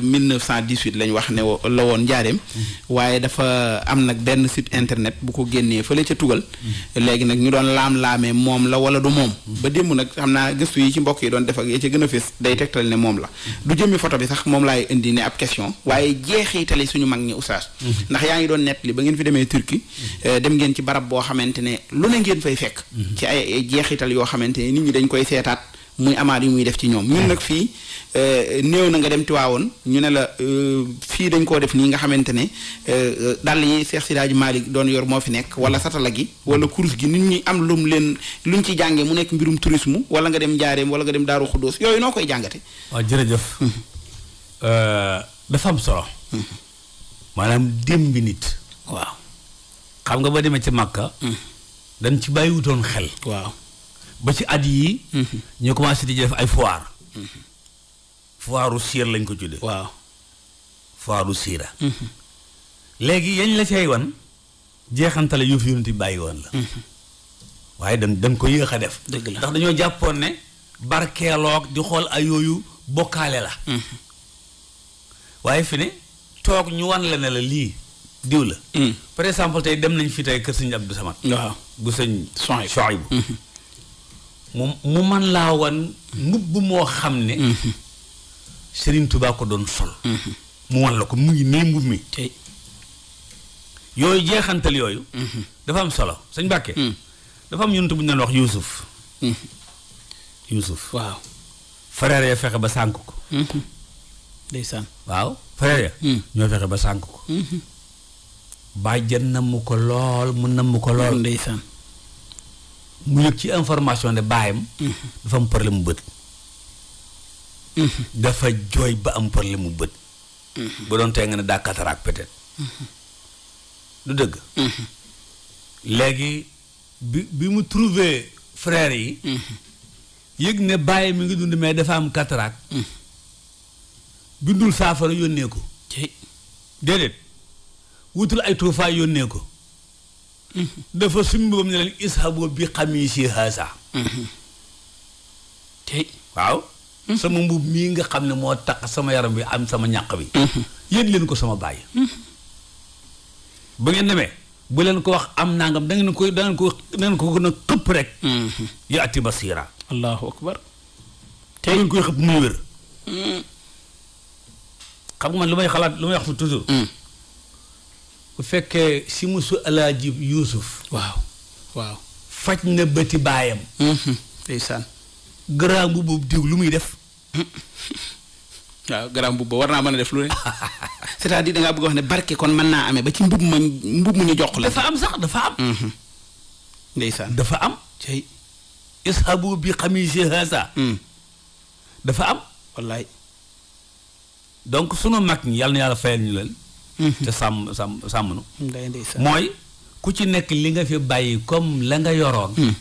1918 lañ wax ne la woon njaareem mm-hmm. waaye dafa am nag benn site internet bu ko génnee fële ca tugal mm-hmm. léegi nag ñu doon laam-laamee moom la wala du moom mm-hmm. ba démb nag xam naa gëstu yi ci mbokk yi doon def ak ya ca gën a fés day tegtal ne moom la du jëmmi foto bi sax moom laay indi ne ab question waaye jeexitali suñu mag ñi oustaz ndax yaa ngi doon nettali ba ngeen fi demee Turquie eh, dem ngeen ci barab boo xamante ne lu ne ngeen fay fekk ci ay jeexital yoo xamante ne nit ñi dañ koy seetaat muy amaat yi muy def ci ñoom ñun ah. nag fii euh, néew na nga dem Tiwaawoon ñu ne la euh, fii dañ koo def nii nga xamante ne euh, dàll yi Seex Sidaaji Maalik doon yor moo fi nekk wala satala gi wala kurus gi nit ñi am lum leen luñ ci jàngee mu nekk mbirum tourisme wala nga dem Njaareem wala nga dem Daaru Xuddoos yooyu noo koy jàngate waaw jërëjëf hmm. dafa am solo hmm. maanaam démb bi nit waaw xam nga ba demee ci Màkka hmm. dañ ci bàyyiwutoon xel waaw ba ci at yii. Mhm. ñu commencé di def ay foire. Mhm. foiru siir lañ ko tuddee. waaw foiru siira. Mhm. léegi yañ la cay wan jeexantale yu fi yonent bàyyi woon la. waaye dañ dañ ko yéex a def. dëgg la ndax dañoo jàppoon ne barkeeloog di xool ay yooyu bokkaale la. waaye fi ne toog ñu wan la ne la lii diw la. par exemple tey dem nañ fi tey kër sëñ Abdou Samad. waaw bu sëñ. Sohaybu Sohaybu. mu mu man laa wan mbubb moo xam ne mm-hmm. Serigne Touba ko doon sol mm-hmm. mu wan la ko mu ngi nii mbubb mi yooyu jeexantal yooyu mm-hmm. dafa am solo sëñ Mbàkke mm. dafa am yonent bu ñu doon wax Yuusuf Yuusuf waaw frère ya fexe ba sànk ko ndeysaan waaw frère ya mm. ñoo fexe ba sànk ko bàjjan namm ko lool mu namm ko lool ndeysaan mu yëg ci information ne baayam dafa am problème mu bët dafa jooy ba am problème mu bët bu doon tey nga ne daa cataracte peut-être dëgg léegi bi bi mu trouvé frère yi yëg ne bàyyi mi ngi dund mais dafa am cataracte bindul saafara yónnee ko déedéet wutul ay tuufaay yónnee ko dafa sumbam ne leen ishabu bi si haasa tey waaw hmm. sama mbubb mii nga xam ne moo tax sama yaram bi am sama ñàq bi hmm. yéen leen ko sama bàyyi hmm. ba ngeen demee bu leen ko wax am nangam da ngeen ko da ngeen ko da ngeen ko gën a xëpp rek yaati basira allahu akbar te ngeen koy xëpp muy wér xam nga man lu may xalaat lu may wax fu toujours bu fekkee si musu alaaji yuusuf waaw waaw faj na bëti baayam mhm, ndeysaan garaam bu boobu diw lu muy def waaw garaam bu war naa mën a def lu ne c'est-à-dire da ngaa bëgg wax ne barke kon mën naa amee ba ci mbubb ma mbub mu ñu jox la dafa am sax dafa am mhm. ndeysaan dafa am cay ishabu bi xamisi haasa mm. dafa am wallaay donc sunu mag ñi yàlla yàlla fayal ñu leen te sàmm sàmm sàmm nu mooy ku ci nekk li nga fi bàyyi comme la nga yoroon hmm.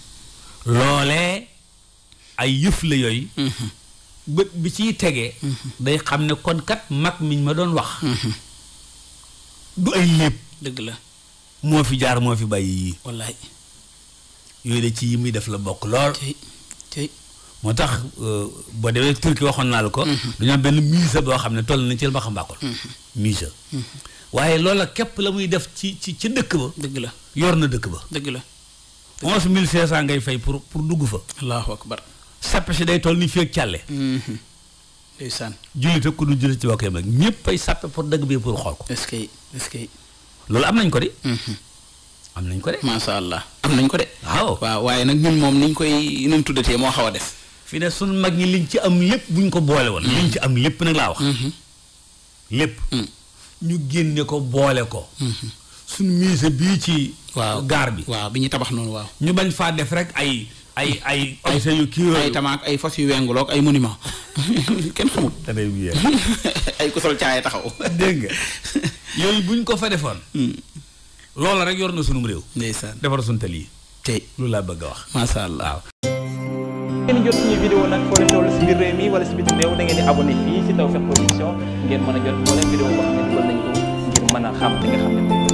loolee ay yëf la yooyu hmm. bët bi ciy tegee hmm. day xam ne kon kat mag miñ ma doon wax du ay lépp dëgg la moo fi jaar moo fi bàyyi yii wallaay yooyu de ci yi muy def la bokk lool moo tax euh, boo demee turki waxoon naa la ko dañoo benn miisa boo xam ne toll na ci la ma xam misa waaye loolu la képp la muy def ci ci ci dëkk ba. dëgg la yor na dëkk ba. dëgg la onze mille cinq cent ngay fay pour pour dugg fa. allahu akbar. sappe si day toll ni fii ak càlle. Mhm. ndeysaan. jullit ku du jullit ci waa koyam nag ñëpp ay sappe pour dëgg bi pour xool ko. est-ce que est-ce que. loolu am nañ ko de. Mhm. am nañ ko de. macha allah am nañ ko de. waaw waaw waaye nag ñun moom ni ñu koy ni mu tuddatee moo xaw a def. fi ne sunu mag ñi liñ ci am lépp buñ ko boole woon. Mhm. liñ ci am lépp nag laa wax. lépp hmm. ñu génne ko boole ko hmm. suñu musée bii ci waaw gaar bi waaw bi ñu tabax noonu waaw ñu bañ faa def rek ay ay ay ay sa yu kii ay tamaak ay fas yu wenguloog ay monument kenn xamul ay ku sol taxaw dégg nga yooyu buñ ko fa defoon hmm. loola rek yor na sunum réew ndeysaan defar suñu tali yi tey loolu laa bëgg a wax masha Allah wala si bitim réew da ngeen di abonné fii si ngeen a jot moo leen vidéo boo xam ne dugal nañ ko ngir mën a xam